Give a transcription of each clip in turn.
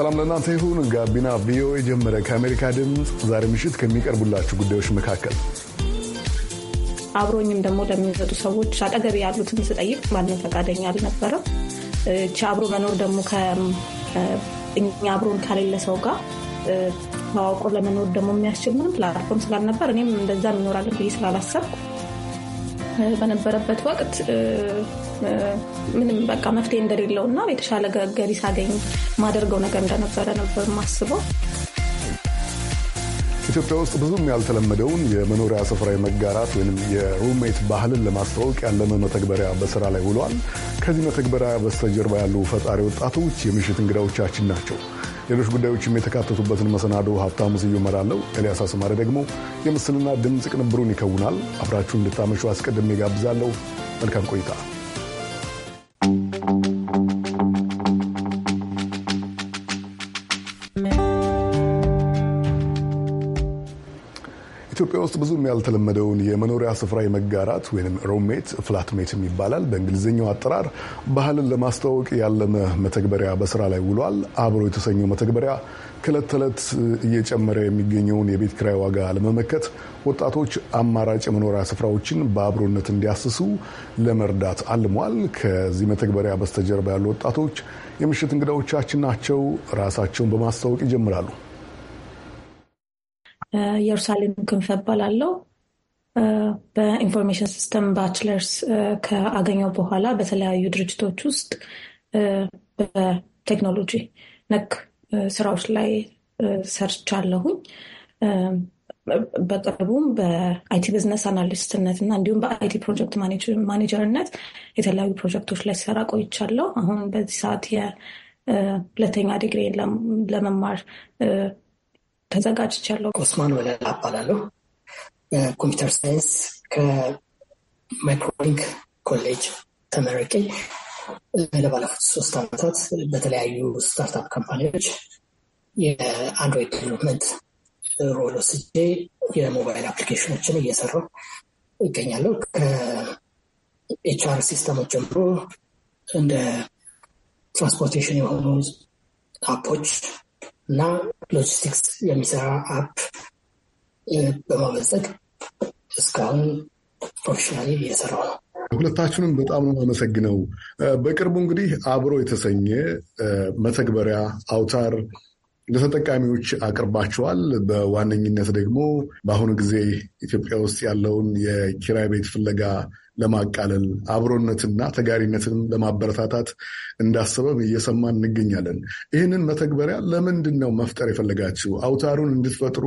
ሰላም ለእናንተ ይሁን። ጋቢና ቪኦኤ ጀመረ። ከአሜሪካ ድምፅ ዛሬ ምሽት ከሚቀርቡላችሁ ጉዳዮች መካከል አብሮኝም ደግሞ ለሚመጡ ሰዎች አጠገብ ያሉትን ስጠይቅ ማንም ፈቃደኛ አልነበረም። እቺ አብሮ መኖር ደግሞ እኛ አብሮን ከሌለ ሰው ጋር ተዋውቆ ለመኖር ደግሞ የሚያስችል ምንም ፕላትፎርም ስላልነበር እኔም እንደዛ ይኖራለን ብዬ ስላላሰብኩ በነበረበት ወቅት ምንም በቃ መፍትሄ እንደሌለው እና የተሻለ ገቢ ሳገኝ ማደርገው ነገር እንደነበረ ነበር ማስበው። ኢትዮጵያ ውስጥ ብዙም ያልተለመደውን የመኖሪያ ስፍራ የመጋራት ወይም የሩሜት ባህልን ለማስተዋወቅ ያለመ መተግበሪያ በስራ ላይ ውሏል። ከዚህ መተግበሪያ በስተጀርባ ያሉ ፈጣሪ ወጣቶች የምሽት እንግዳዎቻችን ናቸው። ሌሎች ጉዳዮችም የተካተቱበትን መሰናዶ ሀብታሙ ስዩ እመራለሁ። ኤልያስ አስማሪ ደግሞ የምስልና ድምፅ ቅንብሩን ይከውናል። አብራችሁን እንድታመሹ አስቀድሜ ጋብዛለሁ። መልካም ቆይታ። ኢትዮጵያ ውስጥ ብዙም ያልተለመደውን የመኖሪያ ስፍራ የመጋራት ወይም ሮሜት ፍላትሜት ይባላል። በእንግሊዝኛው አጠራር ባህልን ለማስተዋወቅ ያለመ መተግበሪያ በስራ ላይ ውሏል። አብሮ የተሰኘው መተግበሪያ ከዕለት ተዕለት እየጨመረ የሚገኘውን የቤት ክራይ ዋጋ ለመመከት ወጣቶች አማራጭ የመኖሪያ ስፍራዎችን በአብሮነት እንዲያስሱ ለመርዳት አልሟል። ከዚህ መተግበሪያ በስተጀርባ ያሉ ወጣቶች የምሽት እንግዳዎቻችን ናቸው። ራሳቸውን በማስተዋወቅ ይጀምራሉ። ኢየሩሳሌም ክንፈ እባላለሁ። በኢንፎርሜሽን ሲስተም ባችለርስ ከአገኘው በኋላ በተለያዩ ድርጅቶች ውስጥ በቴክኖሎጂ ነክ ስራዎች ላይ ሰርቻለሁኝ። በቅርቡም በአይቲ ብዝነስ አናሊስትነት እና እንዲሁም በአይቲ ፕሮጀክት ማኔጀርነት የተለያዩ ፕሮጀክቶች ላይ ሰራ ቆይቻለሁ። አሁን በዚህ ሰዓት የሁለተኛ ዲግሪ ለመማር ተዘጋጅቻለሁ። ኦስማን ወለላ እባላለሁ። በኮምፒውተር ሳይንስ ከማይክሮሊንክ ኮሌጅ ተመርቄ ለባለፉት ሶስት ዓመታት በተለያዩ ስታርታፕ ካምፓኒዎች የአንድሮይድ ዴቨሎፕመንት ሮሎ ስጄ የሞባይል አፕሊኬሽኖችን እየሰራው ይገኛለሁ። ከኤችአር ሲስተሞች ጀምሮ እንደ ትራንስፖርቴሽን የሆኑ አፖች እና ሎጂስቲክስ የሚሰራ አፕ በማመፀግ እስካሁን ፕሮፌሽናሊ እየሰራው ነው። ሁለታችሁንም በጣም ነው አመሰግነው። በቅርቡ እንግዲህ አብሮ የተሰኘ መተግበሪያ አውታር ለተጠቃሚዎች አቅርባቸዋል። በዋነኝነት ደግሞ በአሁኑ ጊዜ ኢትዮጵያ ውስጥ ያለውን የኪራይ ቤት ፍለጋ ለማቃለል አብሮነትና ተጋሪነትን ለማበረታታት እንዳሰበም እየሰማን እንገኛለን። ይህንን መተግበሪያ ለምንድን ነው መፍጠር የፈለጋችሁ? አውታሩን እንድትፈጥሩ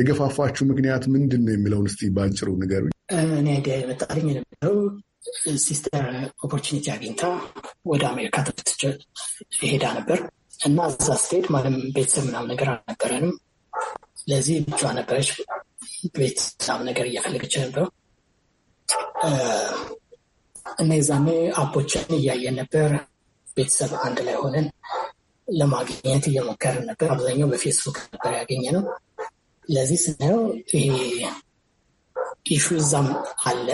የገፋፋችሁ ምክንያት ምንድን ነው የሚለውን እስቲ በአጭሩ ንገሩኝ። እኔ መጣልኝ የነበረው ሲስተር ኦፖርቹኒቲ አግኝታ ወደ አሜሪካ ትምህርት ሄዳ ነበር እና እዛ ስትሄድ ማለም ቤተሰብ ምናምን ነገር አልነበረንም። ለዚህ ብቻ ነበረች። ቤተሰብ ነገር እያፈለገች ነበረው እና የዛኔ አቦችን እያየን ነበር። ቤተሰብ አንድ ላይ ሆነን ለማግኘት እየሞከርን ነበር። አብዛኛው በፌስቡክ ነበር ያገኘ ነው። ለዚህ ስናየው ይሄ ኢሹ እዛም አለ።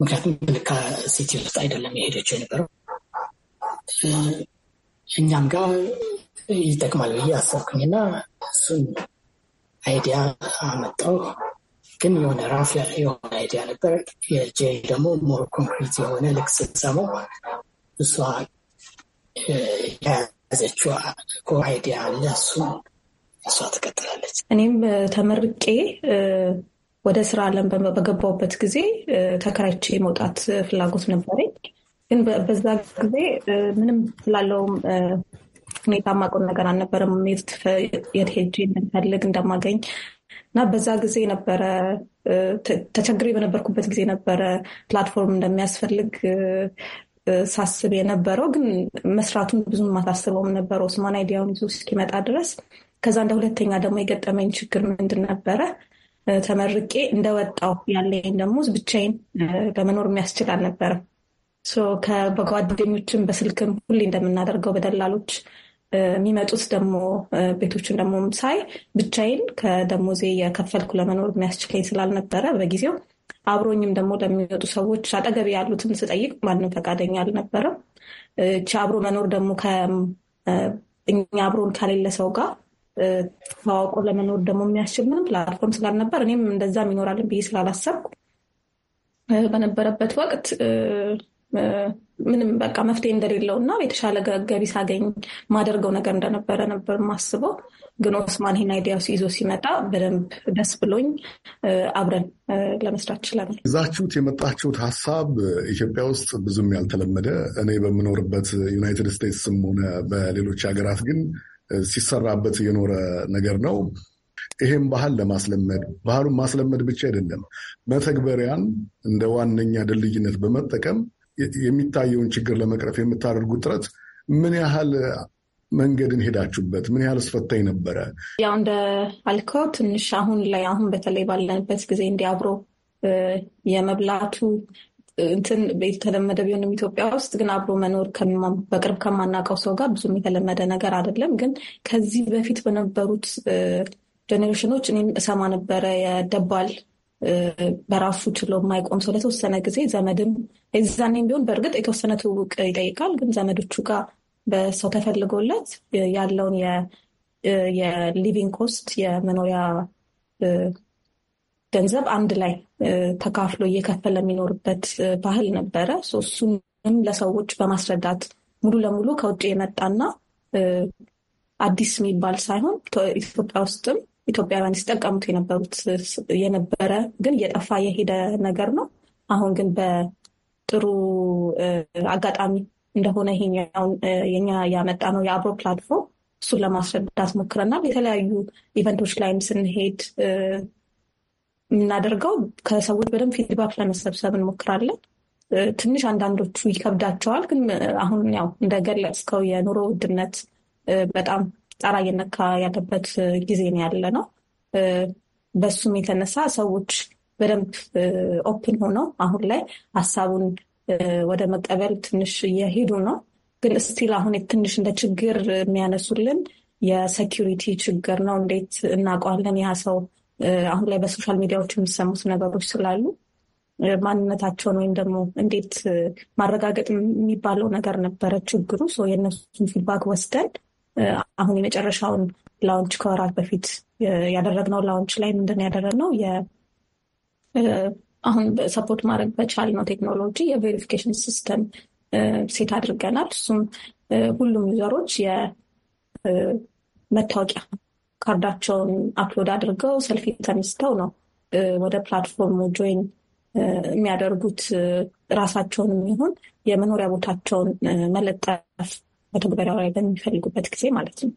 ምክንያቱም ልካ ሲቲ ውስጥ አይደለም የሄደችው የነበረው። እኛም ጋር ይጠቅማል ብዬ አሰብኩኝና እሱን አይዲያ አመጣው። ግን የሆነ ራፍ ላይ የሆነ አይዲያ ነበር። የጄ ደግሞ ሞር ኮንክሪት የሆነ ልክ ስትሰማው እሷ የያዘችው ኮር አይዲያ አለ። እሱም እሷ ትቀጥላለች። እኔም ተመርቄ ወደ ስራ አለም በገባሁበት ጊዜ ተከራይቼ መውጣት ፍላጎት ነበረኝ። ግን በዛ ጊዜ ምንም ስላለውም ሁኔታ ማቆም ነገር አልነበረም። የት ሄጄ የምንፈልግ እንደማገኝ እና በዛ ጊዜ ነበረ ተቸግሬ በነበርኩበት ጊዜ ነበረ ፕላትፎርም እንደሚያስፈልግ ሳስብ የነበረው ግን መስራቱን ብዙም ማታስበውም ነበረው ስማን አይዲያውን ይዞ እስኪመጣ ድረስ። ከዛ እንደ ሁለተኛ ደግሞ የገጠመኝ ችግር ምንድን ነበረ? ተመርቄ እንደወጣው ያለኝ ደግሞ ብቻዬን ለመኖር የሚያስችል አልነበረም። በጓደኞችም በስልክም ሁሌ እንደምናደርገው በደላሎች የሚመጡት ደግሞ ቤቶችን ደግሞ ሳይ ብቻዬን ከደሞዜ የከፈልኩ ለመኖር የሚያስችለኝ ስላልነበረ በጊዜው አብሮኝም ደግሞ ለሚወጡ ሰዎች አጠገብ ያሉትን ስጠይቅ ማንም ፈቃደኛ አልነበረም። እቺ አብሮ መኖር ደግሞ እኛ አብሮን ከሌለ ሰው ጋር ተዋውቆ ለመኖር ደግሞ የሚያስችል ምንም ፕላትፎርም ስላልነበር እኔም እንደዛም ይኖራልን ብዬ ስላላሰብኩ በነበረበት ወቅት ምንም በቃ መፍትሄ እንደሌለው እና የተሻለ ገቢ ሳገኝ ማደርገው ነገር እንደነበረ ነበር ማስበው። ግን ኦስማን ይህን አይዲያ ይዞ ሲመጣ በደንብ ደስ ብሎኝ አብረን ለመስራት ችለናል። ይዛችሁት የመጣችሁት ሀሳብ ኢትዮጵያ ውስጥ ብዙም ያልተለመደ እኔ በምኖርበት ዩናይትድ ስቴትስም ሆነ በሌሎች ሀገራት ግን ሲሰራበት የኖረ ነገር ነው። ይሄም ባህል ለማስለመድ ባህሉን ማስለመድ ብቻ አይደለም፣ መተግበሪያን እንደ ዋነኛ ድልድይነት በመጠቀም የሚታየውን ችግር ለመቅረፍ የምታደርጉት ጥረት ምን ያህል መንገድን ሄዳችሁበት? ምን ያህል አስፈታኝ ነበረ? ያው እንደ አልከው ትንሽ አሁን ላይ አሁን በተለይ ባለንበት ጊዜ እንዲህ አብሮ የመብላቱ እንትን የተለመደ ቢሆንም ኢትዮጵያ ውስጥ ግን አብሮ መኖር በቅርብ ከማናውቀው ሰው ጋር ብዙም የተለመደ ነገር አይደለም። ግን ከዚህ በፊት በነበሩት ጀኔሬሽኖች እኔም እሰማ ነበረ የደባል በራሱ ችሎ የማይቆም ሰው ለተወሰነ ጊዜ ዘመድም የዛኔም ቢሆን በእርግጥ የተወሰነ ትውውቅ ይጠይቃል። ግን ዘመዶቹ ጋር በሰው ተፈልጎለት ያለውን የሊቪንግ ኮስት የመኖሪያ ገንዘብ አንድ ላይ ተካፍሎ እየከፈለ የሚኖርበት ባህል ነበረ። እሱንም ለሰዎች በማስረዳት ሙሉ ለሙሉ ከውጭ የመጣና አዲስ የሚባል ሳይሆን ኢትዮጵያ ውስጥም ኢትዮጵያውያን ሲጠቀሙት የነበሩት የነበረ ግን እየጠፋ የሄደ ነገር ነው። አሁን ግን በጥሩ አጋጣሚ እንደሆነ ይሄኛውን የኛ ያመጣ ነው የአብሮ ፕላትፎርም እሱን ለማስረዳት ሞክረናል። የተለያዩ ኢቨንቶች ላይም ስንሄድ የምናደርገው ከሰዎች በደንብ ፊድባክ ለመሰብሰብ እንሞክራለን። ትንሽ አንዳንዶቹ ይከብዳቸዋል። ግን አሁን ያው እንደገለጽከው የኑሮ ውድነት በጣም ጣራ እየነካ ያለበት ጊዜ ነው ያለ ነው። በሱም የተነሳ ሰዎች በደንብ ኦፕን ሆነው አሁን ላይ ሀሳቡን ወደ መቀበል ትንሽ እየሄዱ ነው። ግን እስቲል አሁን ትንሽ እንደ ችግር የሚያነሱልን የሴኪሪቲ ችግር ነው። እንዴት እናውቀዋለን ያ ሰው አሁን ላይ በሶሻል ሚዲያዎች የሚሰሙት ነገሮች ስላሉ ማንነታቸውን ወይም ደግሞ እንዴት ማረጋገጥ የሚባለው ነገር ነበረ ችግሩ። የእነሱን ፊድባክ ወስደን አሁን የመጨረሻውን ላውንች ከወራት በፊት ያደረግነው ላውንች ላይ ምንድን ያደረግነው አሁን ሰፖርት ማድረግ በቻል ነው ቴክኖሎጂ የቬሪፊኬሽን ሲስተም ሴት አድርገናል። እሱም ሁሉም ዩዘሮች የመታወቂያ ካርዳቸውን አፕሎድ አድርገው ሰልፊ ተነስተው ነው ወደ ፕላትፎርሙ ጆይን የሚያደርጉት። ራሳቸውንም ይሁን የመኖሪያ ቦታቸውን መለጠፍ መተግበሪያው ላይ በሚፈልጉበት ጊዜ ማለት ነው።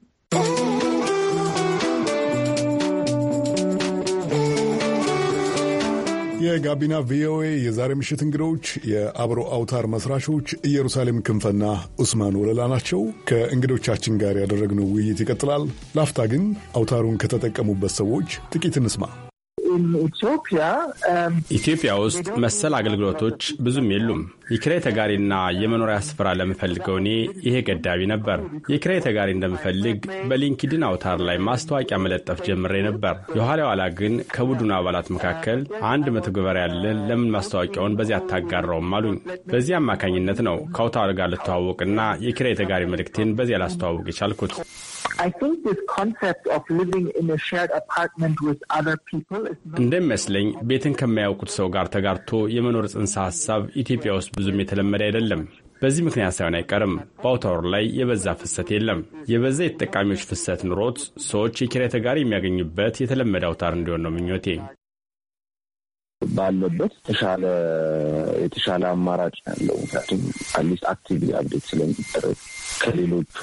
የጋቢና ቪኦኤ የዛሬ ምሽት እንግዶች የአብሮ አውታር መስራቾች ኢየሩሳሌም ክንፈና ኡስማን ወለላ ናቸው። ከእንግዶቻችን ጋር ያደረግነው ውይይት ይቀጥላል። ላፍታ ግን አውታሩን ከተጠቀሙበት ሰዎች ጥቂት እንስማ። Um, ኢትዮጵያ ውስጥ መሰል አገልግሎቶች ብዙም የሉም። የኪራይ ተጋሪና የመኖሪያ ስፍራ ለምፈልገው እኔ ይሄ ገዳቢ ነበር። የኪራይ ተጋሪ እንደምፈልግ በሊንክድን አውታር ላይ ማስታወቂያ መለጠፍ ጀምሬ ነበር። የኋላ ኋላ ግን ከቡድኑ አባላት መካከል አንድ መተግበሪያ ያለን ለምን ማስታወቂያውን በዚያ አታጋራውም አሉኝ። በዚህ አማካኝነት ነው ከአውታር ጋር ልተዋወቅና የኪራይ ተጋሪ መልእክቴን በዚያ ላስተዋውቅ የቻልኩት። እንደሚመስለኝ ቤትን ከማያውቁት ሰው ጋር ተጋርቶ የመኖር ጽንሰ ሀሳብ ኢትዮጵያ ውስጥ ብዙም የተለመደ አይደለም። በዚህ ምክንያት ሳይሆን አይቀርም በአውታወር ላይ የበዛ ፍሰት የለም። የበዛ የተጠቃሚዎች ፍሰት ኑሮት ሰዎች የኪራይ ተጋሪ የሚያገኙበት የተለመደ አውታር እንዲሆን ነው ምኞቴ። ባለበት ተሻለ የተሻለ አማራጭ ያለው ምክንያቱም አትሊስት አክቲቭ አብዴት ስለሚደረግ ከሌሎቹ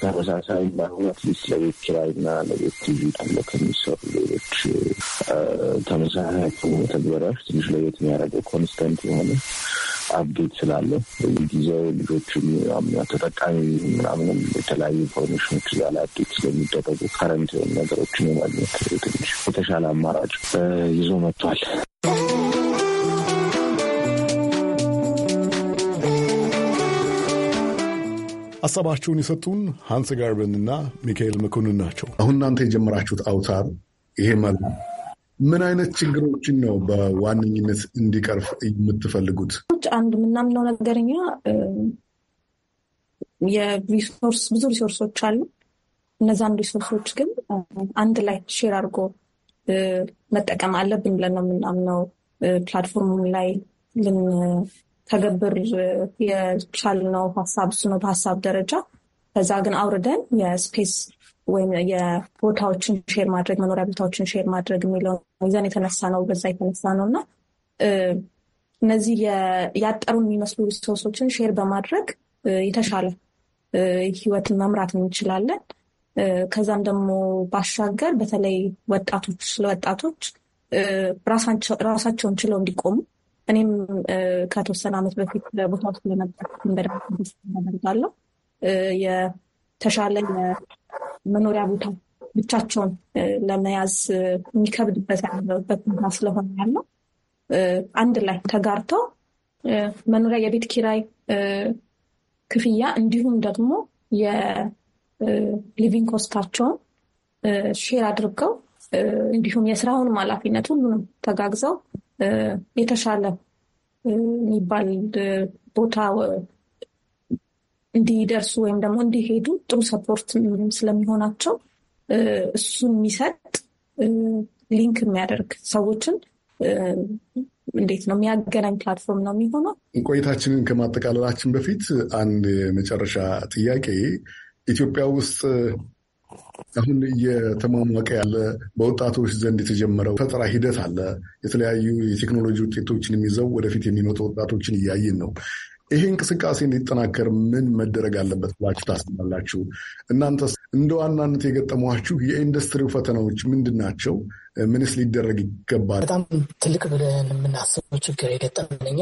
ተመሳሳይ ባይሆኑ አትሊስት ለቤት ኪራይና ለቤት ቲቪ ተብለው ከሚሰሩ ሌሎች ተመሳሳይ ተግበሪያዎች ትንሽ ለቤት የሚያደርገው ኮንስተንት የሆነ አብዴት ስላለ በየጊዜው ልጆችም ተጠቃሚ ምናምንም የተለያዩ ኢንፎርሜሽኖች እዛ ላይ ስለሚደረጉ ከረንት ነገሮችን የማግኘት ትንሽ የተሻለ አማራጭ ይዞ መጥቷል። ሀሳባቸውን የሰጡን ሀንስ ጋርበንና ሚካኤል መኮንን ናቸው። አሁን እናንተ የጀመራችሁት አውታር ይሄ መልኩ ምን አይነት ችግሮችን ነው በዋነኝነት እንዲቀርፍ የምትፈልጉት? አንድ የምናምነው ነገርኛ የሪሶርስ ብዙ ሪሶርሶች አሉ። እነዛን ሪሶርሶች ግን አንድ ላይ ሼር አድርጎ መጠቀም አለብን ብለን ነው የምናምነው። ፕላትፎርም ላይ ልንተገብር የቻልነው ሀሳብ እሱ ነው በሀሳብ ደረጃ። ከዛ ግን አውርደን የስፔስ ወይም የቦታዎችን ሼር ማድረግ መኖሪያ ቦታዎችን ሼር ማድረግ የሚለውን ይዘን የተነሳ ነው። በዛ የተነሳ ነው እና እነዚህ ያጠሩ የሚመስሉ ሪሶርሶችን ሼር በማድረግ የተሻለ ህይወትን መምራት እንችላለን። ከዛም ደግሞ ባሻገር በተለይ ወጣቶች ስለወጣቶች ራሳቸውን ችለው እንዲቆሙ እኔም ከተወሰነ ዓመት በፊት በቦታ ውስጥ ለመጣ በደርጋለሁ የተሻለ መኖሪያ ቦታ ብቻቸውን ለመያዝ የሚከብድበት ያለበት ቦታ ስለሆነ ያለው አንድ ላይ ተጋርተው መኖሪያ የቤት ኪራይ ክፍያ እንዲሁም ደግሞ የሊቪንግ ኮስታቸውን ሼር አድርገው እንዲሁም የስራውን ኃላፊነት ሁሉንም ተጋግዘው የተሻለ የሚባል ቦታ እንዲደርሱ ወይም ደግሞ እንዲሄዱ ጥሩ ሰፖርት ስለሚሆናቸው እሱን የሚሰጥ ሊንክ የሚያደርግ ሰዎችን እንዴት ነው የሚያገናኝ ፕላትፎርም ነው የሚሆነው። ቆይታችንን ከማጠቃለላችን በፊት አንድ የመጨረሻ ጥያቄ ኢትዮጵያ ውስጥ አሁን እየተሟሟቀ ያለ በወጣቶች ዘንድ የተጀመረው ፈጠራ ሂደት አለ። የተለያዩ የቴክኖሎጂ ውጤቶችን የሚይዘው ወደፊት የሚመጡ ወጣቶችን እያየን ነው። ይሄ እንቅስቃሴ እንዲጠናከር ምን መደረግ አለበት ብላችሁ ታስባላችሁ? እናንተስ እንደ ዋናነት የገጠሟችሁ የኢንዱስትሪው ፈተናዎች ምንድን ናቸው? ምንስ ሊደረግ ይገባል? በጣም ትልቅ ብለን የምናስበው ችግር የገጠመኛ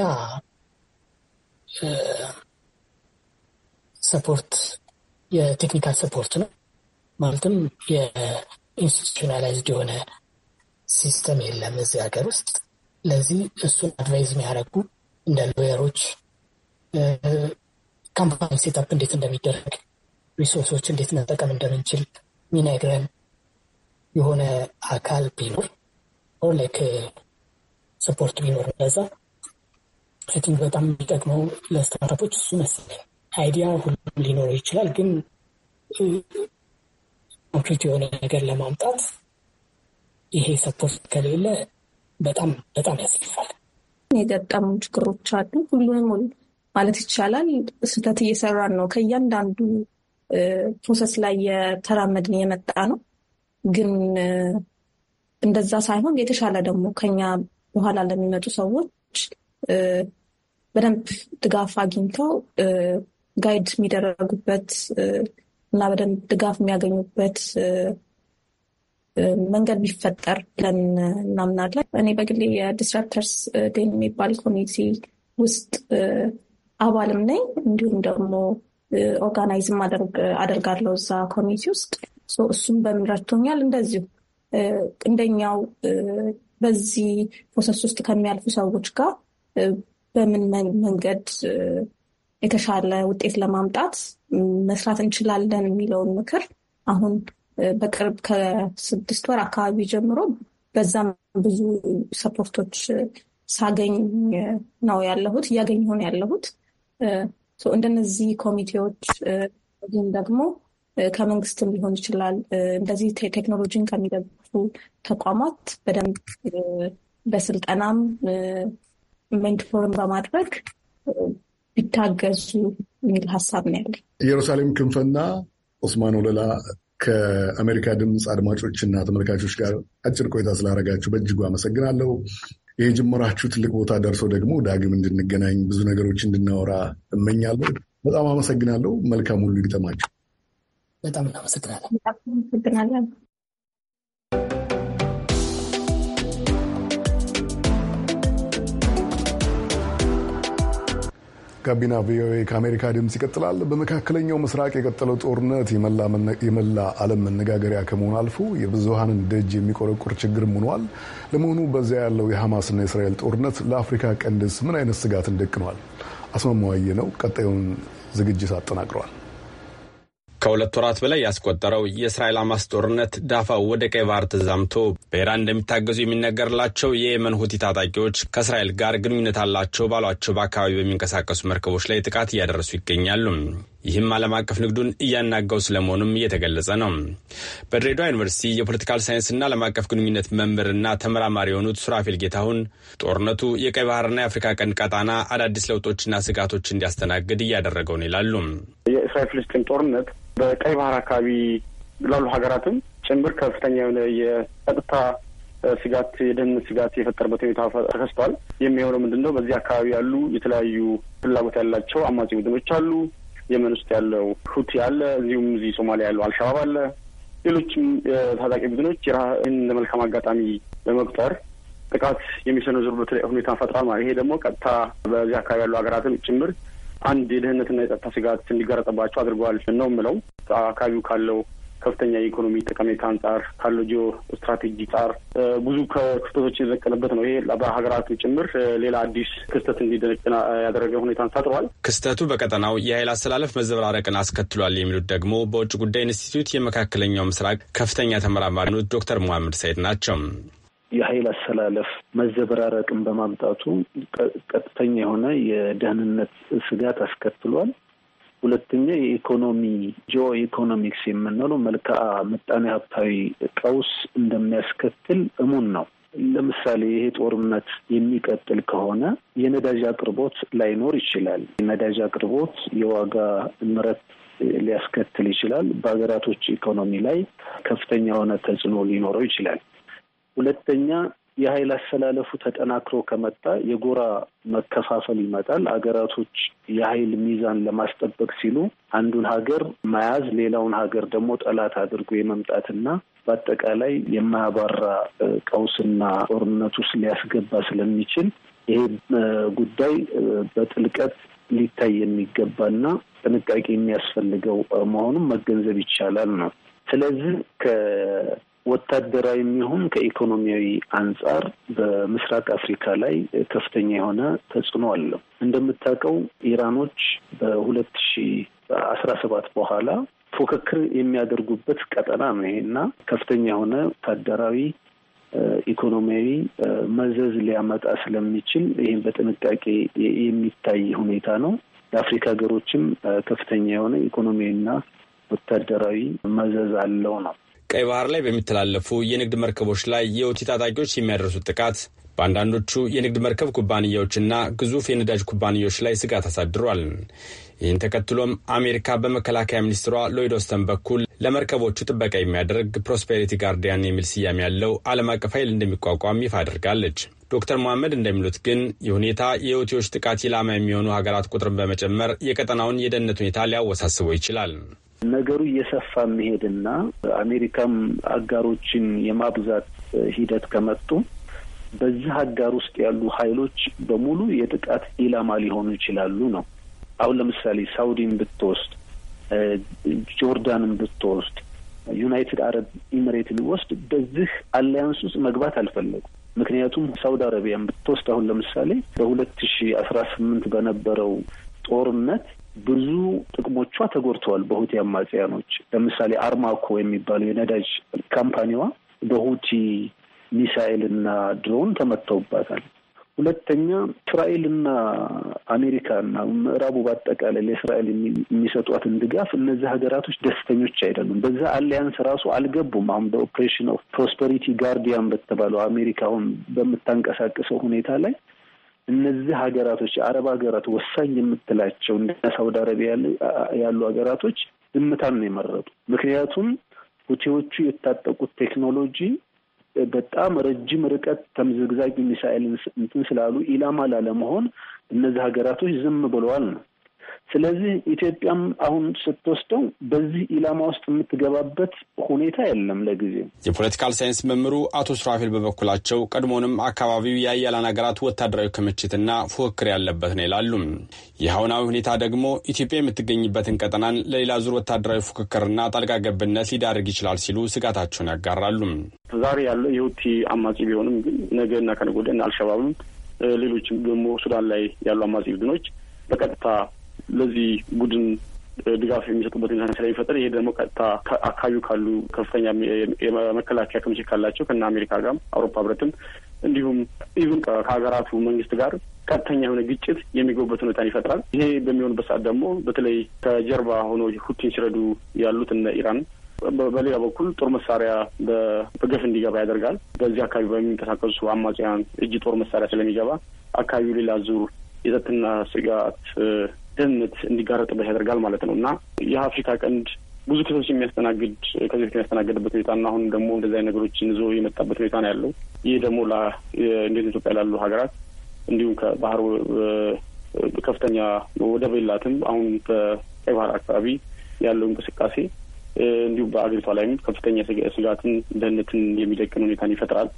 ሰፖርት የቴክኒካል ሰፖርት ነው። ማለትም የኢንስቲቱሽናላይዝድ የሆነ ሲስተም የለም እዚህ ሀገር ውስጥ። ለዚህ እሱን አድቫይዝ የሚያደርጉ እንደ ሎየሮች ካምፓኒ ሴታፕ እንዴት እንደሚደረግ ሪሶርሶች እንዴት መጠቀም እንደምንችል ሚነግረን የሆነ አካል ቢኖር ኦር ላይክ ሰፖርት ቢኖር እንደዛ አይ ቲንክ በጣም የሚጠቅመው ለስታርታፖች እሱ መሰለኝ። አይዲያ ሁሉም ሊኖረው ይችላል፣ ግን ኮንክሪት የሆነ ነገር ለማምጣት ይሄ ሰፖርት ከሌለ በጣም በጣም ያስልፋል። የገጠሙን ችግሮች አሉ ሁሉንም ማለት ይቻላል ስህተት እየሰራን ነው። ከእያንዳንዱ ፕሮሰስ ላይ የተራመድን የመጣ ነው። ግን እንደዛ ሳይሆን የተሻለ ደግሞ ከኛ በኋላ ለሚመጡ ሰዎች በደንብ ድጋፍ አግኝተው ጋይድ የሚደረጉበት እና በደንብ ድጋፍ የሚያገኙበት መንገድ ቢፈጠር ብለን እናምናለን። እኔ በግሌ የዲስራፕተርስ ዴን የሚባል ኮሚኒቲ ውስጥ አባልም ነኝ። እንዲሁም ደግሞ ኦርጋናይዝም አደርጋለሁ እዛ ኮሚቴ ውስጥ። እሱም በምን ረድቶኛል? እንደዚሁ እንደኛው በዚህ ፕሮሰስ ውስጥ ከሚያልፉ ሰዎች ጋር በምን መንገድ የተሻለ ውጤት ለማምጣት መስራት እንችላለን የሚለውን ምክር አሁን በቅርብ ከስድስት ወር አካባቢ ጀምሮ በዛም ብዙ ሰፖርቶች ሳገኝ ነው ያለሁት እያገኝ ሆን ያለሁት እንደነዚህ ኮሚቴዎች እንዲሁም ደግሞ ከመንግስትም ሊሆን ይችላል እንደዚህ ቴክኖሎጂን ከሚደግፉ ተቋማት በደንብ በስልጠናም ሜንቶርን በማድረግ ቢታገዙ የሚል ሀሳብ ነው ያለ። ኢየሩሳሌም ክንፈና ኦስማን ወለላ ከአሜሪካ ድምፅ አድማጮችና ተመልካቾች ጋር አጭር ቆይታ ስላደረጋችሁ በእጅጉ አመሰግናለሁ። ይሄ ትልቅ ቦታ ደርሶ ደግሞ ዳግም እንድንገናኝ ብዙ ነገሮች እንድናወራ እመኛለሁ። በጣም አመሰግናለሁ። መልካም ሁሉ ይግጠማችሁ። በጣም እናመሰግናለን። ጋቢና ቪኦኤ ከአሜሪካ ድምፅ ይቀጥላል። በመካከለኛው ምስራቅ የቀጠለው ጦርነት የመላ ዓለም መነጋገሪያ ከመሆን አልፎ የብዙሃንን ደጅ የሚቆረቁር ችግርም ሆኗል። ለመሆኑ በዚያ ያለው የሐማስና የእስራኤል ጦርነት ለአፍሪካ ቀንድስ ምን አይነት ስጋትን ደቅኗል? አስማማዋየ ነው ቀጣዩን ዝግጅት አጠናቅረዋል። ከሁለት ወራት በላይ ያስቆጠረው የእስራኤል ሐማስ ጦርነት ዳፋው ወደ ቀይ ባህር ተዛምቶ በኢራን እንደሚታገዙ የሚነገርላቸው የየመን ሁቲ ታጣቂዎች ከእስራኤል ጋር ግንኙነት አላቸው ባሏቸው በአካባቢ በሚንቀሳቀሱ መርከቦች ላይ ጥቃት እያደረሱ ይገኛሉ። ይህም ዓለም አቀፍ ንግዱን እያናጋው ስለመሆኑም እየተገለጸ ነው። በድሬዳዋ ዩኒቨርሲቲ የፖለቲካል ሳይንስና ዓለም አቀፍ ግንኙነት መምህርና ተመራማሪ የሆኑት ሱራፌል ጌታሁን ጦርነቱ የቀይ ባህርና የአፍሪካ ቀንድ ቀጣና አዳዲስ ለውጦችና ስጋቶች እንዲያስተናግድ እያደረገው ነው ይላሉ። የእስራኤል ፍልስጤም ጦርነት በቀይ ባህር አካባቢ ላሉ ሀገራትም ጭምር ከፍተኛ የሆነ የጸጥታ ስጋት፣ የደህንነት ስጋት የፈጠረበት ሁኔታ ተከስቷል። የሚሆነው ምንድን ነው? በዚህ አካባቢ ያሉ የተለያዩ ፍላጎት ያላቸው አማጺ ቡድኖች አሉ። የመን ውስጥ ያለው ሁቲ አለ፣ እዚሁም እዚህ ሶማሊያ ያለው አልሸባብ አለ። ሌሎችም ታጣቂ ቡድኖች ይህን ለመልካም አጋጣሚ በመቁጠር ጥቃት የሚሰነዝሩበት ሁኔታ ፈጥሯል ማለት ይሄ ደግሞ ቀጥታ በዚህ አካባቢ ያሉ ሀገራትን ጭምር አንድ የደህንነትና የጸጥታ ስጋት እንዲጋረጥባቸው አድርገዋል ነው የምለው አካባቢው ካለው ከፍተኛ የኢኮኖሚ ጠቀሜታ አንጻር ካለው ጂኦ ስትራቴጂ ጻር ብዙ ክስተቶች የዘቀለበት ነው። ይሄ በሀገራቱ ጭምር ሌላ አዲስ ክስተት እንዲደነጭና ያደረገ ሁኔታን ፈጥሯል። ክስተቱ በቀጠናው የኃይል አስተላለፍ መዘበራረቅን አስከትሏል የሚሉት ደግሞ በውጭ ጉዳይ ኢንስቲትዩት የመካከለኛው ምስራቅ ከፍተኛ ተመራማሪ ዶክተር መሐመድ ሰይድ ናቸው። የኃይል አሰላለፍ መዘበራረቅን በማምጣቱ ቀጥተኛ የሆነ የደህንነት ስጋት አስከትሏል። ሁለተኛ የኢኮኖሚ ጂኦ ኢኮኖሚክስ የምንለው መልክዓ ምጣኔ ሀብታዊ ቀውስ እንደሚያስከትል እሙን ነው። ለምሳሌ ይሄ ጦርነት የሚቀጥል ከሆነ የነዳጅ አቅርቦት ላይኖር ይችላል። የነዳጅ አቅርቦት የዋጋ ንረት ሊያስከትል ይችላል። በሀገራቶች ኢኮኖሚ ላይ ከፍተኛ የሆነ ተጽዕኖ ሊኖረው ይችላል። ሁለተኛ የኃይል አስተላለፉ ተጠናክሮ ከመጣ የጎራ መከፋፈል ይመጣል። ሀገራቶች የኃይል ሚዛን ለማስጠበቅ ሲሉ አንዱን ሀገር መያዝ፣ ሌላውን ሀገር ደግሞ ጠላት አድርጎ የመምጣትና በአጠቃላይ የማያባራ ቀውስና ጦርነት ውስጥ ሊያስገባ ስለሚችል ይሄ ጉዳይ በጥልቀት ሊታይ የሚገባና ጥንቃቄ የሚያስፈልገው መሆኑን መገንዘብ ይቻላል ነው። ስለዚህ ወታደራዊ የሚሆን ከኢኮኖሚያዊ አንጻር በምስራቅ አፍሪካ ላይ ከፍተኛ የሆነ ተጽዕኖ አለው። እንደምታውቀው ኢራኖች በሁለት ሺ አስራ ሰባት በኋላ ፉክክር የሚያደርጉበት ቀጠና ነው ይሄና ከፍተኛ የሆነ ወታደራዊ ኢኮኖሚያዊ መዘዝ ሊያመጣ ስለሚችል ይህም በጥንቃቄ የሚታይ ሁኔታ ነው። የአፍሪካ ሀገሮችም ከፍተኛ የሆነ ኢኮኖሚያዊና ወታደራዊ መዘዝ አለው ነው ቀይ ባህር ላይ በሚተላለፉ የንግድ መርከቦች ላይ የውቲ ታጣቂዎች የሚያደርሱት ጥቃት በአንዳንዶቹ የንግድ መርከብ ኩባንያዎችና ግዙፍ የነዳጅ ኩባንያዎች ላይ ስጋት አሳድሯል። ይህን ተከትሎም አሜሪካ በመከላከያ ሚኒስትሯ ሎይድ ኦስተን በኩል ለመርከቦቹ ጥበቃ የሚያደርግ ፕሮስፔሪቲ ጋርዲያን የሚል ስያሜ ያለው ዓለም አቀፍ ኃይል እንደሚቋቋም ይፋ አድርጋለች። ዶክተር መሐመድ እንደሚሉት ግን ይህ ሁኔታ የውቲዎች ጥቃት ኢላማ የሚሆኑ ሀገራት ቁጥርን በመጨመር የቀጠናውን የደህንነት ሁኔታ ሊያወሳስበው ይችላል። ነገሩ እየሰፋ መሄድና አሜሪካም አጋሮችን የማብዛት ሂደት ከመጡ በዚህ አጋር ውስጥ ያሉ ሀይሎች በሙሉ የጥቃት ኢላማ ሊሆኑ ይችላሉ ነው። አሁን ለምሳሌ ሳውዲን ብትወስድ፣ ጆርዳንን ብትወስድ፣ ዩናይትድ አረብ ኢሚሬትን ወስድ በዚህ አላያንስ ውስጥ መግባት አልፈለጉም። ምክንያቱም ሳውዲ አረቢያን ብትወስድ አሁን ለምሳሌ በሁለት ሺ አስራ ስምንት በነበረው ጦርነት ብዙ ጥቅሞቿ ተጎድተዋል በሁቲ አማጽያኖች። ለምሳሌ አርማኮ የሚባለው የነዳጅ ካምፓኒዋ በሁቲ ሚሳኤልና ድሮን ተመተውባታል። ሁለተኛ አሜሪካ ና ምዕራቡ በአጠቃላይ ለእስራኤል የሚሰጧትን ድጋፍ እነዚህ ሀገራቶች ደስተኞች አይደሉም። በዛ አሊያንስ ራሱ አልገቡም። አሁን በኦፕሬሽን ኦፍ ፕሮስፐሪቲ ጋርዲያን በተባለው አሜሪካ አሁን በምታንቀሳቅሰው ሁኔታ ላይ እነዚህ ሀገራቶች የአረብ ሀገራት ወሳኝ የምትላቸው እንደ ሳውዲ አረቢያ ያሉ ሀገራቶች ዝምታን ነው የመረጡ። ምክንያቱም ሁቴዎቹ የታጠቁት ቴክኖሎጂ በጣም ረጅም ርቀት ተምዘግዛጊ ሚሳኤል እንትን ስላሉ ኢላማ ላለመሆን እነዚህ ሀገራቶች ዝም ብለዋል ነው ስለዚህ ኢትዮጵያም አሁን ስትወስደው በዚህ ኢላማ ውስጥ የምትገባበት ሁኔታ የለም ለጊዜው። የፖለቲካል ሳይንስ መምህሩ አቶ ስራፌል በበኩላቸው ቀድሞንም አካባቢው የአያላን ሀገራት ወታደራዊ ክምችትና ፉክክር ያለበት ነው ይላሉ። የአሁናዊ ሁኔታ ደግሞ ኢትዮጵያ የምትገኝበትን ቀጠናን ለሌላ ዙር ወታደራዊ ፉክክርና ጣልቃ ገብነት ሊዳርግ ይችላል ሲሉ ስጋታቸውን ያጋራሉ። ዛሬ ያለው የሁቲ አማጺ ቢሆንም ግን ነገና ከነገ ወዲያ አልሸባብም ሌሎችም ደግሞ ሱዳን ላይ ያሉ አማጺ ቡድኖች በቀጥታ ለዚህ ቡድን ድጋፍ የሚሰጡበት ሁኔታ ስለሚፈጠር ይሄ ደግሞ ቀጥታ አካባቢው ካሉ ከፍተኛ የመከላከያ ክምችት ካላቸው ከነ አሜሪካ ጋርም አውሮፓ ህብረትም እንዲሁም ኢቭን ከሀገራቱ መንግስት ጋር ቀጥተኛ የሆነ ግጭት የሚገቡበት ሁኔታን ይፈጥራል። ይሄ በሚሆንበት ሰዓት ደግሞ በተለይ ከጀርባ ሆኖ ሁቲን ሲረዱ ያሉት እነ ኢራን በሌላ በኩል ጦር መሳሪያ በገፍ እንዲገባ ያደርጋል። በዚህ አካባቢ በሚንቀሳቀሱ አማጽያን እጅ ጦር መሳሪያ ስለሚገባ አካባቢው ሌላ ዙር የጸጥታ ስጋት ደህንነት እንዲጋረጥበት ያደርጋል ማለት ነው እና የአፍሪካ ቀንድ ብዙ ክሶች የሚያስተናግድ ከዚህ በፊት የሚያስተናገድበት ሁኔታ ና አሁን ደግሞ እንደዚህ አይነት ነገሮችን ይዞ የመጣበት ሁኔታ ነው ያለው። ይህ ደግሞ እንዴት ኢትዮጵያ ላሉ ሀገራት እንዲሁም ከባህር ከፍተኛ ወደብ የላትም። አሁን በቀይ ባህር አካባቢ ያለው እንቅስቃሴ እንዲሁም በአገሪቷ ላይም ከፍተኛ ስጋትን፣ ደህንነትን የሚደቅን ሁኔታን ይፈጥራል።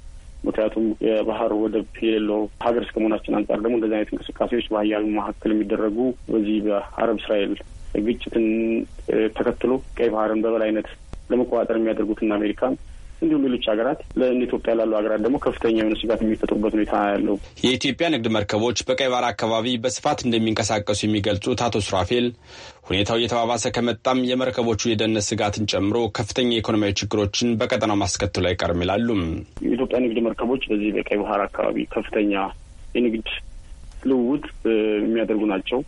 ምክንያቱም የባህር ወደብ የሌለው ሀገር እስከ መሆናችን አንጻር ደግሞ እንደዚህ አይነት እንቅስቃሴዎች በሀያሉ መካከል የሚደረጉ በዚህ በአረብ እስራኤል ግጭትን ተከትሎ ቀይ ባህርን በበላይነት ለመቆጣጠር የሚያደርጉትና አሜሪካን እንዲሁም ሌሎች ሀገራት ኢትዮጵያ ላሉ ሀገራት ደግሞ ከፍተኛ የሆነ ስጋት የሚፈጥሩበት ሁኔታ ያለው የኢትዮጵያ ንግድ መርከቦች በቀይ ባር አካባቢ በስፋት እንደሚንቀሳቀሱ የሚገልጹት አቶ ስራፌል ሁኔታው እየተባባሰ ከመጣም የመርከቦቹ የደህንነት ስጋትን ጨምሮ ከፍተኛ የኢኮኖሚያዊ ችግሮችን በቀጠናው ማስከተሉ አይቀርም ይላሉም። የኢትዮጵያ ንግድ መርከቦች በዚህ በቀይ ባህር አካባቢ ከፍተኛ የንግድ ልውውጥ የሚያደርጉ ናቸው።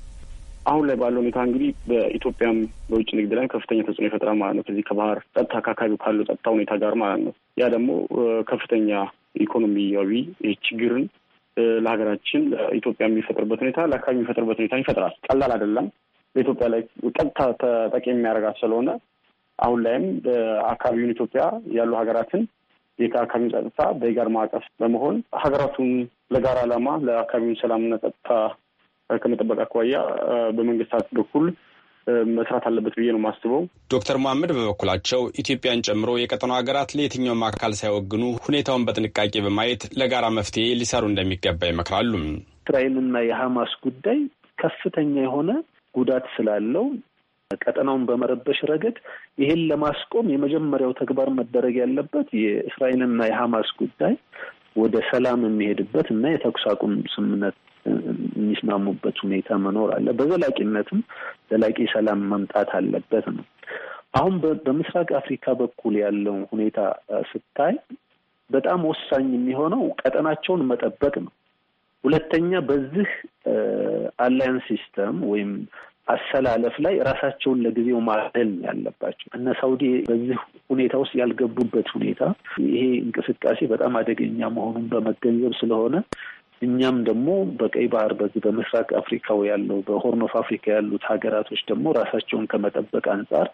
አሁን ላይ ባለው ሁኔታ እንግዲህ በኢትዮጵያም በውጭ ንግድ ላይ ከፍተኛ ተጽዕኖ ይፈጥራል ማለት ነው። ከዚህ ከባህር ጸጥታ አካባቢ ካለው ጸጥታ ሁኔታ ጋር ማለት ነው። ያ ደግሞ ከፍተኛ ኢኮኖሚያዊ ችግርን ለሀገራችን ለኢትዮጵያ የሚፈጥርበት ሁኔታ ለአካባቢ የሚፈጥርበት ሁኔታ ይፈጥራል። ቀላል አይደለም። በኢትዮጵያ ላይ ቀጥታ ተጠቂ የሚያደርጋት ስለሆነ አሁን ላይም በአካባቢውን ኢትዮጵያ ያሉ ሀገራትን የአካባቢውን ጸጥታ በጋር ማዕቀፍ በመሆን ሀገራቱን ለጋራ ዓላማ ለአካባቢውን ሰላምና ጸጥታ ከመጠበቅ አኳያ በመንግስታት በኩል መስራት አለበት ብዬ ነው የማስበው። ዶክተር መሐመድ በበኩላቸው ኢትዮጵያን ጨምሮ የቀጠናው ሀገራት ለየትኛውም አካል ሳይወግኑ ሁኔታውን በጥንቃቄ በማየት ለጋራ መፍትሄ ሊሰሩ እንደሚገባ ይመክራሉ። እስራኤልና የሐማስ ጉዳይ ከፍተኛ የሆነ ጉዳት ስላለው ቀጠናውን በመረበሽ ረገድ ይህን ለማስቆም የመጀመሪያው ተግባር መደረግ ያለበት የእስራኤልና የሐማስ ጉዳይ ወደ ሰላም የሚሄድበት እና የተኩስ አቁም ስምምነት የሚስማሙበት ሁኔታ መኖር አለ። በዘላቂነትም ዘላቂ ሰላም መምጣት አለበት ነው። አሁን በምስራቅ አፍሪካ በኩል ያለው ሁኔታ ስታይ በጣም ወሳኝ የሚሆነው ቀጠናቸውን መጠበቅ ነው። ሁለተኛ በዚህ አላያንስ ሲስተም ወይም አሰላለፍ ላይ ራሳቸውን ለጊዜው ማደል ያለባቸው እነ ሳውዲ በዚህ ሁኔታ ውስጥ ያልገቡበት ሁኔታ ይሄ እንቅስቃሴ በጣም አደገኛ መሆኑን በመገንዘብ ስለሆነ እኛም ደግሞ በቀይ ባህር በዚህ በምስራቅ አፍሪካው ያለው በሆርን ኦፍ አፍሪካ ያሉት ሀገራቶች ደግሞ ራሳቸውን ከመጠበቅ አንጻር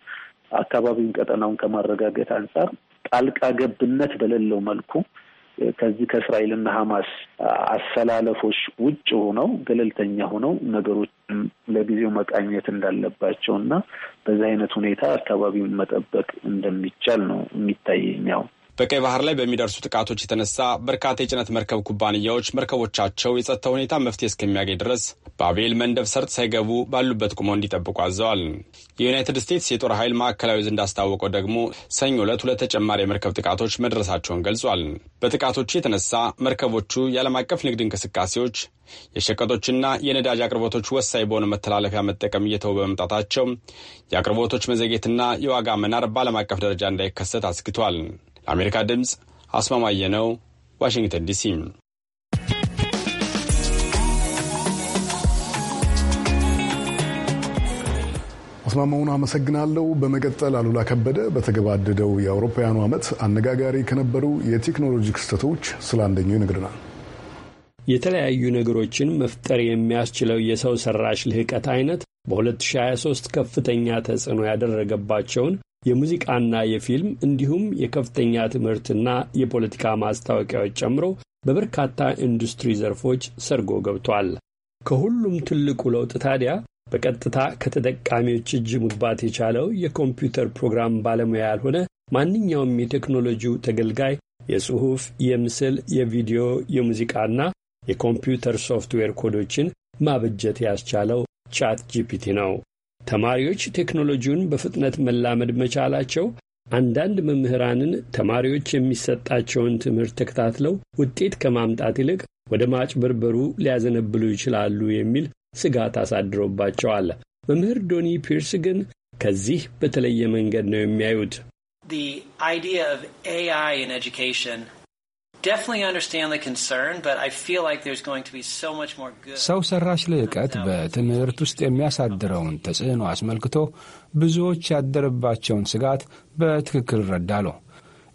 አካባቢውን ቀጠናውን ከማረጋገጥ አንጻር ጣልቃ ገብነት በሌለው መልኩ ከዚህ ከእስራኤልና ሀማስ አሰላለፎች ውጭ ሆነው ገለልተኛ ሆነው ነገሮችን ለጊዜው መቃኘት እንዳለባቸው እና በዚህ አይነት ሁኔታ አካባቢውን መጠበቅ እንደሚቻል ነው የሚታየኛው። በቀይ ባህር ላይ በሚደርሱ ጥቃቶች የተነሳ በርካታ የጭነት መርከብ ኩባንያዎች መርከቦቻቸው የጸጥታ ሁኔታ መፍትሄ እስከሚያገኝ ድረስ በአቤል መንደብ ሰርጥ ሳይገቡ ባሉበት ቁመው እንዲጠብቁ አዘዋል። የዩናይትድ ስቴትስ የጦር ኃይል ማዕከላዊ ዕዝ እንዳስታወቀው ደግሞ ሰኞ ዕለት ሁለት ተጨማሪ የመርከብ ጥቃቶች መድረሳቸውን ገልጿል። በጥቃቶቹ የተነሳ መርከቦቹ የዓለም አቀፍ ንግድ እንቅስቃሴዎች የሸቀጦችና የነዳጅ አቅርቦቶች ወሳኝ በሆነ መተላለፊያ መጠቀም እየተው በመምጣታቸው የአቅርቦቶች መዘግየትና የዋጋ መናር በዓለም አቀፍ ደረጃ እንዳይከሰት አስግቷል። ለአሜሪካ ድምፅ አስማማየ ነው፣ ዋሽንግተን ዲሲ። አስማማውን አመሰግናለሁ። በመቀጠል አሉላ ከበደ በተገባደደው የአውሮፓውያኑ ዓመት አነጋጋሪ ከነበሩ የቴክኖሎጂ ክስተቶች ስለ አንደኛው ይነግረናል። የተለያዩ ነገሮችን መፍጠር የሚያስችለው የሰው ሰራሽ ልህቀት አይነት በ2023 ከፍተኛ ተጽዕኖ ያደረገባቸውን የሙዚቃና የፊልም እንዲሁም የከፍተኛ ትምህርትና የፖለቲካ ማስታወቂያዎች ጨምሮ በበርካታ ኢንዱስትሪ ዘርፎች ሰርጎ ገብቷል። ከሁሉም ትልቁ ለውጥ ታዲያ በቀጥታ ከተጠቃሚዎች እጅ መግባት የቻለው የኮምፒውተር ፕሮግራም ባለሙያ ያልሆነ ማንኛውም የቴክኖሎጂው ተገልጋይ የጽሑፍ፣ የምስል፣ የቪዲዮ፣ የሙዚቃና የኮምፒውተር ሶፍትዌር ኮዶችን ማበጀት ያስቻለው ቻት ጂፒቲ ነው። ተማሪዎች ቴክኖሎጂውን በፍጥነት መላመድ መቻላቸው አንዳንድ መምህራንን ተማሪዎች የሚሰጣቸውን ትምህርት ተከታትለው ውጤት ከማምጣት ይልቅ ወደ ማጭበርበሩ ሊያዘነብሉ ይችላሉ የሚል ስጋት አሳድሮባቸዋል። መምህር ዶኒ ፒርስ ግን ከዚህ በተለየ መንገድ ነው የሚያዩት። The idea of AI in education ሰው ሰራሽ ልዕቀት በትምህርት ውስጥ የሚያሳድረውን ተጽዕኖ አስመልክቶ ብዙዎች ያደረባቸውን ስጋት በትክክል እረዳለሁ።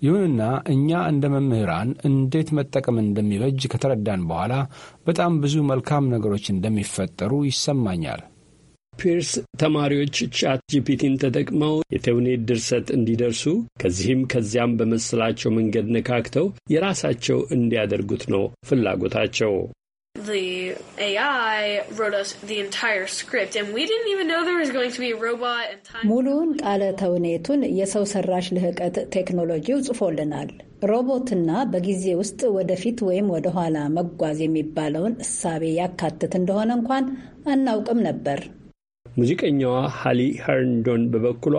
ይሁንና እኛ እንደ መምህራን እንዴት መጠቀም እንደሚበጅ ከተረዳን በኋላ በጣም ብዙ መልካም ነገሮች እንደሚፈጠሩ ይሰማኛል። ፒርስ ተማሪዎች ቻት ጂፒቲን ተጠቅመው የተውኔት ድርሰት እንዲደርሱ ከዚህም ከዚያም በመሰላቸው መንገድ ነካክተው የራሳቸው እንዲያደርጉት ነው ፍላጎታቸው። ሙሉውን ቃለ ተውኔቱን የሰው ሰራሽ ልህቀት ቴክኖሎጂው ጽፎልናል። ሮቦትና በጊዜ ውስጥ ወደፊት ወይም ወደኋላ መጓዝ የሚባለውን እሳቤ ያካትት እንደሆነ እንኳን አናውቅም ነበር። ሙዚቀኛዋ ሃሊ ኸርንዶን በበኩሏ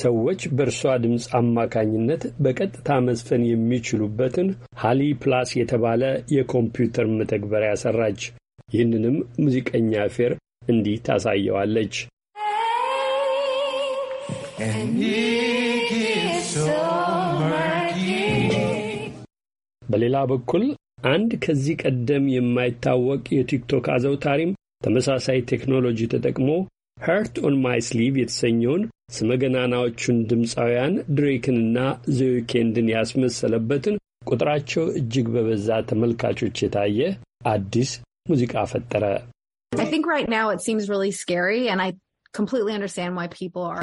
ሰዎች በእርሷ ድምፅ አማካኝነት በቀጥታ መዝፈን የሚችሉበትን ሃሊ ፕላስ የተባለ የኮምፒውተር መተግበሪያ ሰራች። ይህንንም ሙዚቀኛ ፌር እንዲህ ታሳየዋለች። በሌላ በኩል አንድ ከዚህ ቀደም የማይታወቅ የቲክቶክ አዘውታሪም ተመሳሳይ ቴክኖሎጂ ተጠቅሞ ሄርት ኦን ማይ ስሊቭ የተሰኘውን ስመገናናዎቹን ድምፃውያን ድሬክንና ዘዊኬንድን ያስመሰለበትን ቁጥራቸው እጅግ በበዛ ተመልካቾች የታየ አዲስ ሙዚቃ ፈጠረ።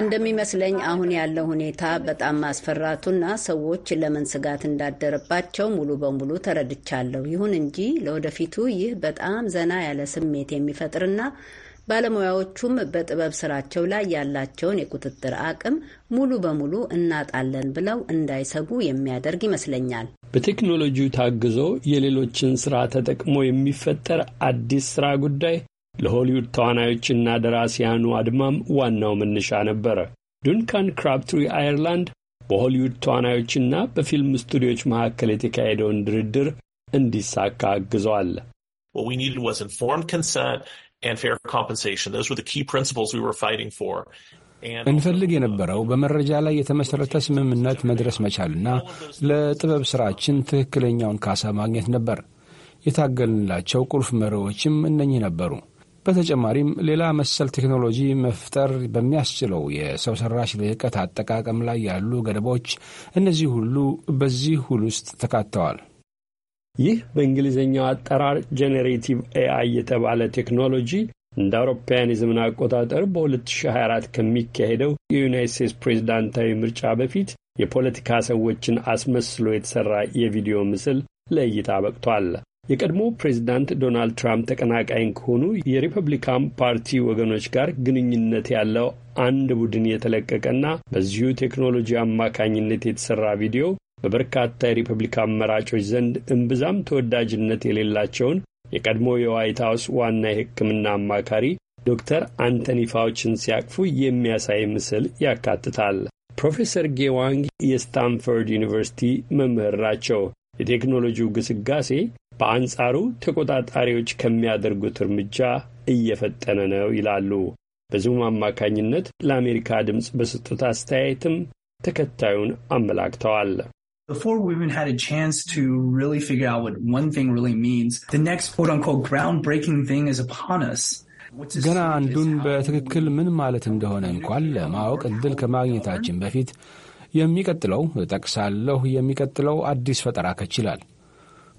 እንደሚመስለኝ አሁን ያለው ሁኔታ በጣም ማስፈራቱና ሰዎች ለምን ስጋት እንዳደረባቸው ሙሉ በሙሉ ተረድቻለሁ። ይሁን እንጂ ለወደፊቱ ይህ በጣም ዘና ያለ ስሜት የሚፈጥርና ባለሙያዎቹም በጥበብ ስራቸው ላይ ያላቸውን የቁጥጥር አቅም ሙሉ በሙሉ እናጣለን ብለው እንዳይሰጉ የሚያደርግ ይመስለኛል። በቴክኖሎጂው ታግዞ የሌሎችን ስራ ተጠቅሞ የሚፈጠር አዲስ ስራ ጉዳይ ለሆሊውድ ተዋናዮችና ደራሲያኑ አድማም ዋናው መነሻ ነበረ። ዱንካን ክራፕትሪ አየርላንድ በሆሊውድ ተዋናዮችና በፊልም ስቱዲዮዎች መካከል የተካሄደውን ድርድር እንዲሳካ አግዟል። and fair compensation. Those were the key principles we were fighting for. እንፈልግ የነበረው በመረጃ ላይ የተመሠረተ ስምምነት መድረስ መቻልና ለጥበብ ሥራችን ትክክለኛውን ካሳ ማግኘት ነበር። የታገልንላቸው ቁልፍ መሪዎችም እነኚህ ነበሩ። በተጨማሪም ሌላ መሰል ቴክኖሎጂ መፍጠር በሚያስችለው የሰው ሠራሽ ልህቀት አጠቃቀም ላይ ያሉ ገደቦች፣ እነዚህ ሁሉ በዚህ ሁሉ ውስጥ ተካተዋል። ይህ በእንግሊዝኛው አጠራር ጄኔሬቲቭ ኤአይ የተባለ ቴክኖሎጂ እንደ አውሮፓውያን የዘመን አቆጣጠር በ2024 ከሚካሄደው የዩናይት ስቴትስ ፕሬዝዳንታዊ ምርጫ በፊት የፖለቲካ ሰዎችን አስመስሎ የተሠራ የቪዲዮ ምስል ለእይታ በቅቷል። የቀድሞ ፕሬዝዳንት ዶናልድ ትራምፕ ተቀናቃኝ ከሆኑ የሪፐብሊካን ፓርቲ ወገኖች ጋር ግንኙነት ያለው አንድ ቡድን የተለቀቀና በዚሁ ቴክኖሎጂ አማካኝነት የተሠራ ቪዲዮ በበርካታ የሪፐብሊካን መራጮች ዘንድ እምብዛም ተወዳጅነት የሌላቸውን የቀድሞ የዋይት ሀውስ ዋና የሕክምና አማካሪ ዶክተር አንቶኒ ፋውችን ሲያቅፉ የሚያሳይ ምስል ያካትታል። ፕሮፌሰር ጌዋንግ የስታንፎርድ ዩኒቨርሲቲ መምህር ናቸው። የቴክኖሎጂው ግስጋሴ በአንጻሩ ተቆጣጣሪዎች ከሚያደርጉት እርምጃ እየፈጠነ ነው ይላሉ። በዙም አማካኝነት ለአሜሪካ ድምፅ በሰጡት አስተያየትም ተከታዩን አመላክተዋል። Before women had a chance to really figure out what one thing really means, the next quote unquote groundbreaking thing is upon us. ገና አንዱን በትክክል ምን ማለት እንደሆነ እንኳን ለማወቅ እድል ከማግኘታችን በፊት የሚቀጥለው እጠቅሳለሁ የሚቀጥለው አዲስ ፈጠራ ከችላል።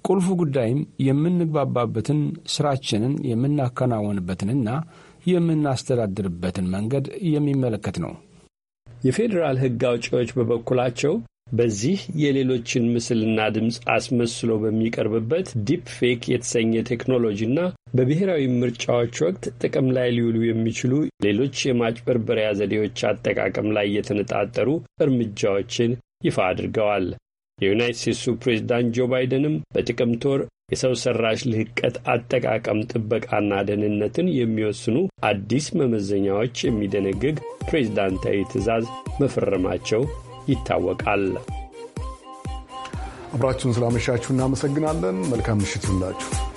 ቁልፉ ጉዳይም የምንግባባበትን ስራችንን የምናከናወንበትንና የምናስተዳድርበትን መንገድ የሚመለከት ነው። የፌዴራል ሕግ አውጪዎች በበኩላቸው በዚህ የሌሎችን ምስልና ድምፅ አስመስሎ በሚቀርብበት ዲፕ ፌክ የተሰኘ ቴክኖሎጂና በብሔራዊ ምርጫዎች ወቅት ጥቅም ላይ ሊውሉ የሚችሉ ሌሎች የማጭበርበሪያ ዘዴዎች አጠቃቀም ላይ የተነጣጠሩ እርምጃዎችን ይፋ አድርገዋል። የዩናይት ስቴትሱ ፕሬዝዳንት ጆ ባይደንም በጥቅምት ወር የሰው ሰራሽ ልህቀት አጠቃቀም ጥበቃና ደህንነትን የሚወስኑ አዲስ መመዘኛዎች የሚደነግግ ፕሬዝዳንታዊ ትዕዛዝ መፈረማቸው ይታወቃል። አብራችሁን ስላመሻችሁ እናመሰግናለን። መልካም ምሽት ይሁንላችሁ።